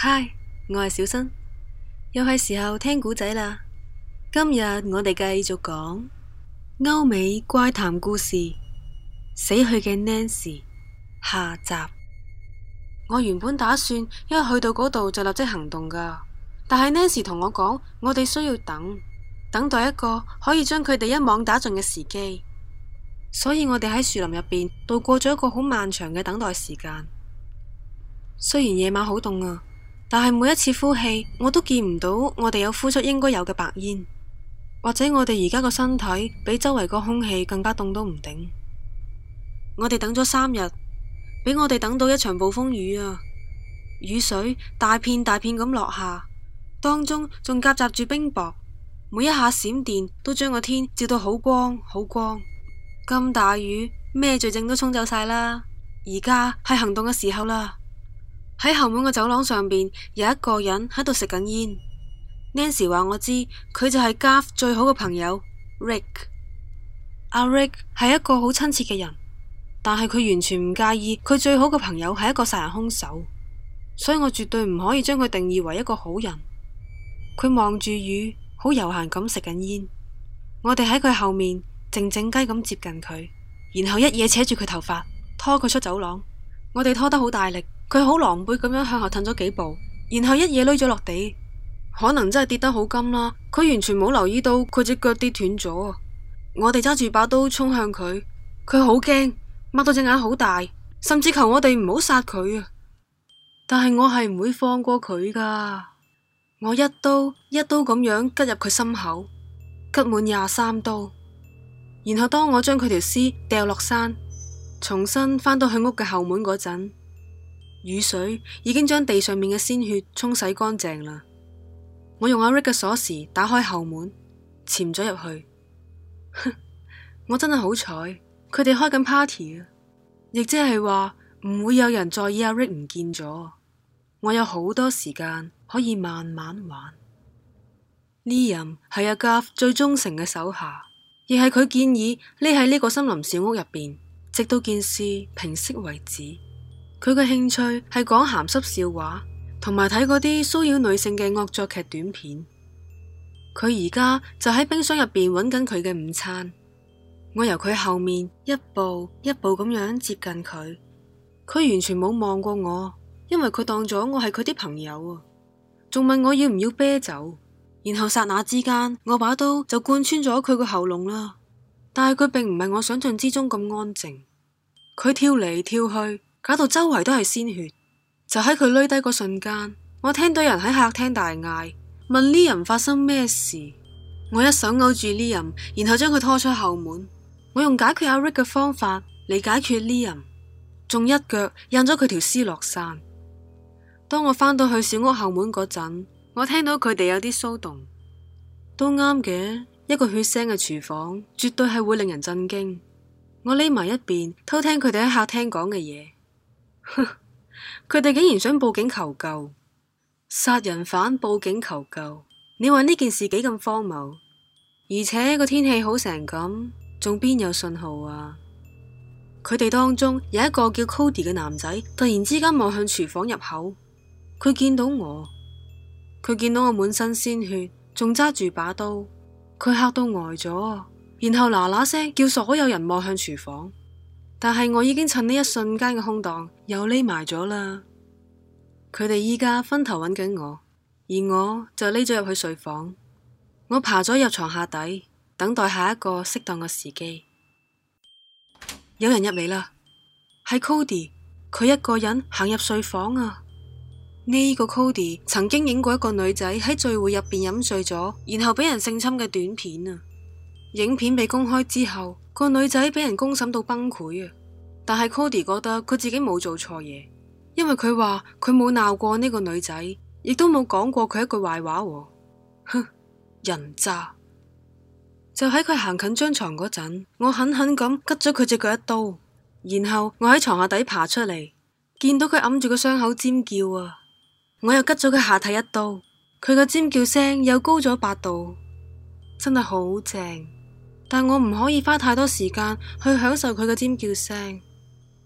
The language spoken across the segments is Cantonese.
嗨，Hi，我係小新，又係時候聽古仔啦。今日我哋繼續講歐美怪談故事《死去嘅 Nancy》下集。我原本打算因一去到嗰度就立即行動噶，但係 Nancy 同我講，我哋需要等，等待一個可以將佢哋一網打盡嘅時機。所以我哋喺樹林入邊度過咗一個好漫長嘅等待時間。雖然夜晚好凍啊。但係每一次呼氣，我都見唔到我哋有呼出應該有嘅白煙，或者我哋而家個身體比周圍個空氣更加凍都唔定。我哋等咗三日，俾我哋等到一場暴風雨啊！雨水大片大片咁落下，當中仲夾雜住冰雹，每一下閃電都將個天照到好光好光。咁大雨，咩罪證都沖走晒啦！而家係行動嘅時候啦！喺後門嘅走廊上邊，有一個人喺度食緊煙。Nancy 話我知，佢就係 Guth 最好嘅朋友 Rick。阿 Rick 係一個好親切嘅人，但係佢完全唔介意佢最好嘅朋友係一個殺人兇手，所以我絕對唔可以將佢定義為一個好人。佢望住雨，好悠閒咁食緊煙。我哋喺佢後面靜靜雞咁接近佢，然後一嘢扯住佢頭髮，拖佢出走廊。我哋拖得好大力。佢好狼狽咁樣向下褪咗幾步，然後一嘢攞咗落地，可能真係跌得好甘啦。佢完全冇留意到佢隻腳跌斷咗。我哋揸住把刀衝向佢，佢好驚，擘到隻眼好大，甚至求我哋唔好殺佢啊！但係我係唔會放過佢噶，我一刀一刀咁樣吉入佢心口，吉滿廿三刀。然後當我將佢條屍掉落山，重新返到去屋嘅後門嗰陣。雨水已經將地上面嘅鮮血沖洗乾淨啦。我用阿 Rick 嘅鎖匙打開後門，潛咗入去。 我真係好彩，佢哋開緊 party 啊！亦即係話唔會有人在意阿 Rick 唔見咗。我有好多時間可以慢慢玩。呢人係阿甲最忠誠嘅手下，亦係佢建議匿喺呢個森林小屋入邊，直到件事平息為止。佢嘅興趣係講鹹濕笑話，同埋睇嗰啲騷擾女性嘅惡作劇短片。佢而家就喺冰箱入邊揾緊佢嘅午餐。我由佢後面一步一步咁樣接近佢，佢完全冇望過我，因為佢當咗我係佢啲朋友啊。仲問我要唔要啤酒，然後剎那之間，我把刀就貫穿咗佢個喉嚨啦。但係佢並唔係我想像之中咁安靜，佢跳嚟跳去。搞到周圍都係鮮血，就喺佢攞低個瞬間，我聽到人喺客廳大嗌，問呢人發生咩事。我一手勾住呢人，然後將佢拖出後門。我用解決阿 Rick 嘅方法嚟解決呢人，仲一腳印咗佢條屍落山。當我返到去小屋後門嗰陣，我聽到佢哋有啲騷動，都啱嘅。一個血腥嘅廚房絕對係會令人震驚。我匿埋一邊偷聽佢哋喺客廳講嘅嘢。佢哋 竟然想報警求救，殺人犯報警求救，你話呢件事幾咁荒謬？而且個天氣好成咁，仲邊有信號啊？佢哋當中有一個叫 Cody 嘅男仔，突然之間望向廚房入口，佢見到我，佢見到我滿身鮮血，仲揸住把刀，佢吓到呆咗，然後嗱嗱聲叫所有人望向廚房。但係我已經趁呢一瞬間嘅空檔又匿埋咗啦。佢哋依家分頭揾緊我，而我就匿咗入去睡房。我爬咗入床下底，等待下一個適當嘅時機。有人入嚟啦，係 Cody。佢一個人行入睡房啊。呢個 Cody 曾經影過一個女仔喺聚會入邊飲醉咗，然後俾人性侵嘅短片啊。影片被公開之後，個女仔俾人公審到崩潰啊。但係 Cody 覺得佢自己冇做錯嘢，因為佢話佢冇鬧過呢個女仔，亦都冇講過佢一句壞話喎。哼，人渣！就喺佢行近張床嗰陣，我狠狠咁拮咗佢隻腳一刀，然後我喺床下底爬出嚟，見到佢揞住個傷口尖叫啊！我又拮咗佢下體一刀，佢個尖叫聲又高咗八度，真係好正。但我唔可以花太多時間去享受佢嘅尖叫聲。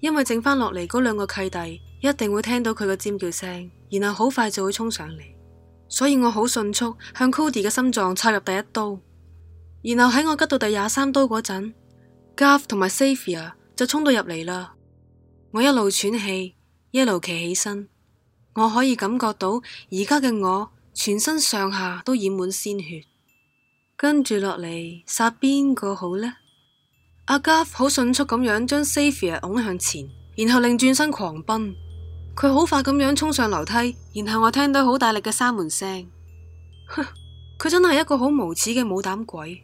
因為剩返落嚟嗰兩個契弟一定會聽到佢個尖叫聲，然後好快就會衝上嚟，所以我好迅速向 Cody 嘅心臟插入第一刀，然後喺我吉到第廿三刀嗰陣，Gav 同埋 Safia 就衝到入嚟喇。我一路喘氣，一路企起身，我可以感覺到而家嘅我全身上下都染滿鮮血。跟住落嚟殺邊個好呢？阿加好迅速咁樣將 Safia 拱向前，然後擰轉身狂奔。佢好快咁樣衝上樓梯，然後我聽到好大力嘅閂門聲。哼，佢真係一個好無恥嘅冇膽鬼。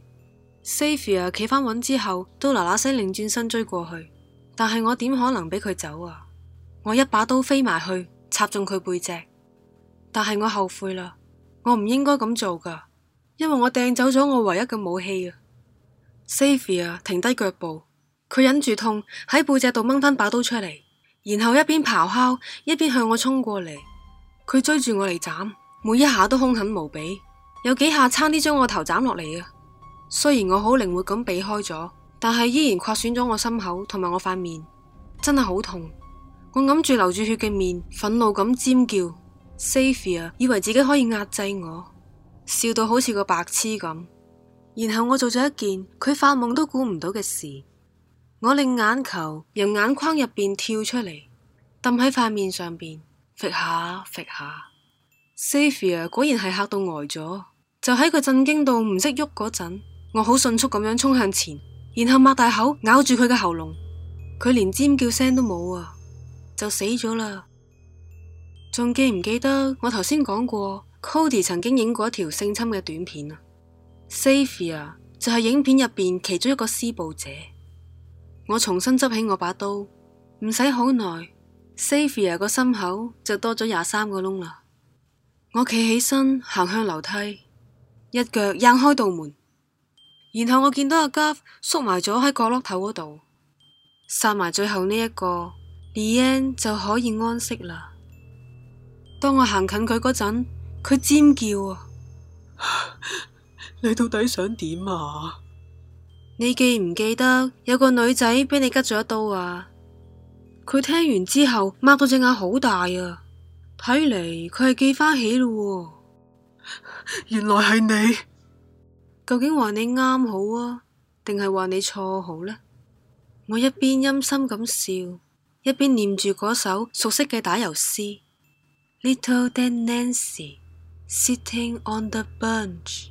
Safia 企返穩之後，都嗱嗱聲擰轉身追過去。但係我點可能俾佢走啊？我一把刀飛埋去插中佢背脊，但係我後悔啦，我唔應該咁做㗎，因為我掟走咗我唯一嘅武器啊！Safia 停低腳步，佢忍住痛喺背脊度掹返把刀出嚟，然後一邊咆哮一邊向我衝過嚟。佢追住我嚟斬，每一下都凶狠無比，有幾下差啲將我頭斬落嚟啊！雖然我好靈活咁避開咗，但係依然刮損咗我心口同埋我塊面，真係好痛。我揞住流住血嘅面，憤怒咁尖叫。Safia 以為自己可以壓制我，笑到好似個白痴咁。然後我做咗一件佢發夢都估唔到嘅事，我令眼球由眼眶入邊跳出嚟，抌喺塊面上邊，揈下揈下。Savia 果然係吓到呆咗，就喺佢震驚到唔識喐嗰陣，我好迅速咁樣衝向前，然後擘大口咬住佢嘅喉嚨，佢連尖叫聲都冇啊，就死咗啦。仲記唔記得我頭先講過，Cody 曾經影過一條性侵嘅短片啊？Safia 就係影片入邊其中一個施暴者。我重新執起我把刀，唔使好耐，Safia 個心口就多咗廿三個窿啦。我企起身行向樓梯，一腳掹開道門，然後我見到阿 Guff 縮埋咗喺角落頭嗰度，殺埋最後呢一個，Ian 就可以安息啦。當我行近佢嗰陣，佢尖叫啊！ 你到底想點啊？你記唔記得有個女仔俾你拮咗一刀啊？佢聽完之後擘到隻眼好大啊！睇嚟佢係記返起咯、啊。原來係你，究竟話你啱好啊，定係話你錯好呢？我一邊陰森咁笑，一邊念住嗰首熟悉嘅打油詩：Little Dead Nancy sitting on the bench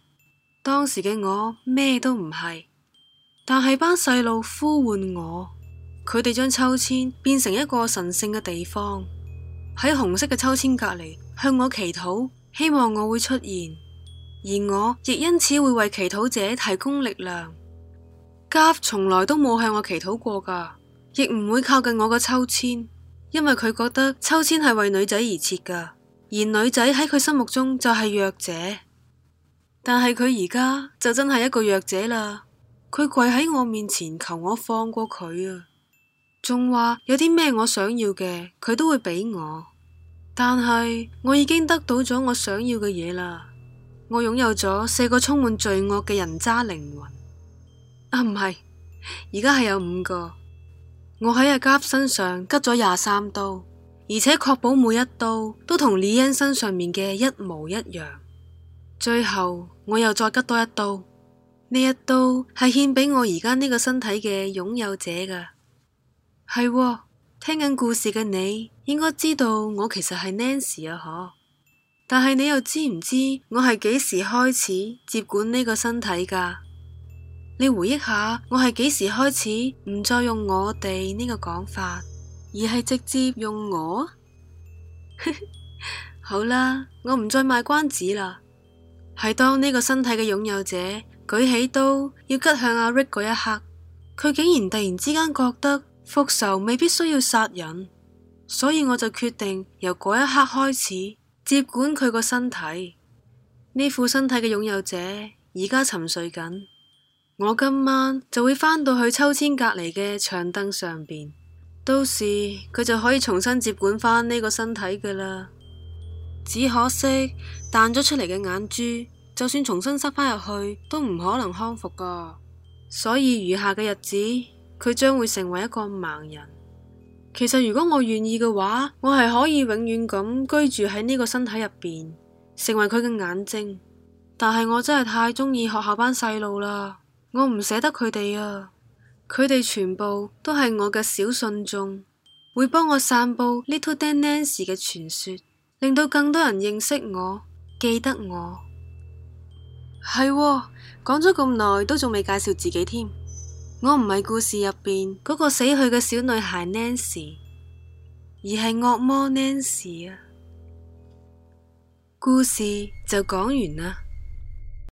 當時嘅我咩都唔係，但係班細路呼喚我，佢哋將秋千變成一個神聖嘅地方，喺紅色嘅秋千隔籬向我祈禱，希望我會出現，而我亦因此會為祈禱者提供力量。家從來都冇向我祈禱過噶，亦唔會靠近我嘅秋千，因為佢覺得秋千係為女仔而設噶，而女仔喺佢心目中就係弱者。但係佢而家就真係一個弱者啦，佢跪喺我面前求我放過佢啊，仲話有啲咩我想要嘅佢都會俾我。但係我已經得到咗我想要嘅嘢啦，我擁有咗四個充滿罪惡嘅人渣靈魂。啊，唔係，而家係有五個。我喺阿吉身上拮咗廿三刀，而且確保每一刀都同李欣身上面嘅一模一樣。最後我又再拮多一刀，呢一刀係獻畀我而家呢個身體嘅擁有者噶係、喎、聽緊故事嘅你應該知道我其實係 Nancy 啊，嗬，但係你又知唔知我係幾時開始接管呢個身體噶你回憶下，我係幾時開始唔再用我哋呢個講法，而係直接用我？ 好啦，我唔再賣關子啦。係當呢個身體嘅擁有者舉起刀要吉向阿 Rick 嗰一刻，佢竟然突然之間覺得復仇未必需要殺人，所以我就決定由嗰一刻開始接管佢個身體。呢副身體嘅擁有者而家沉睡緊，我今晚就會返到去秋千隔籬嘅長凳上邊，到時佢就可以重新接管返呢個身體㗎喇。只可惜彈咗出嚟嘅眼珠，就算重新塞返入去，都唔可能康復噶。所以餘下嘅日子，佢將會成為一個盲人。其實如果我願意嘅話，我係可以永遠咁居住喺呢個身體入邊，成為佢嘅眼睛。但係我真係太中意學校班細路啦，我唔捨得佢哋啊。佢哋全部都係我嘅小信眾，會幫我散佈 Little Dead Nancy 嘅傳說。令到更多人認識我，記得我。係喎，講咗咁耐，都仲未介紹自己添。我唔係故事入邊嗰個死去嘅小女孩 Nancy，而係惡魔 Nancy 啊。故事就講完啦。